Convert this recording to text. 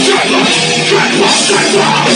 Dreadlock, dreadlock, dreadlock